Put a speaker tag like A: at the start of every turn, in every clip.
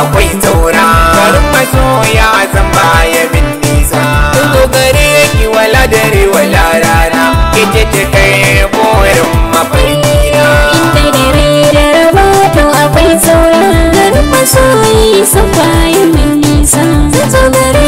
A: akwai taura Garin masoya zan ya min nisa Tungo gare yake wala dare wala rana Kece ce kai burin mafarkina Inda dare da raba akwai taura Garin masoyi sun ya min nisa Zan zo gare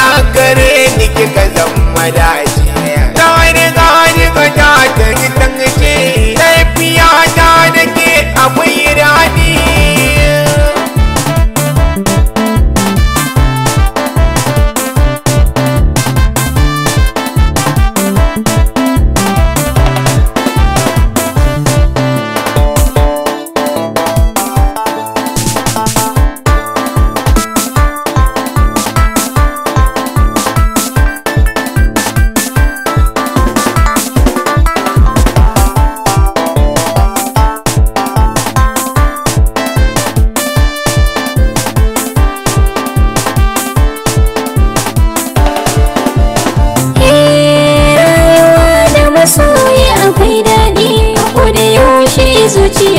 A: gare ni kika zama daji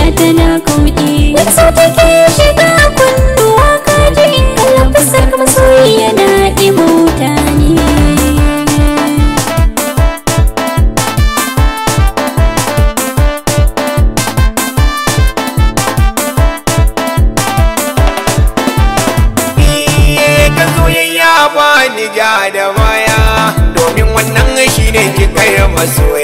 A: zuciya tana kumɗi wasu take shiga kunnuwa kaji kallon fuskar masoyi yana ɗima wuta ne Ni ja da maya domin wannan shi ne kikayar masoya.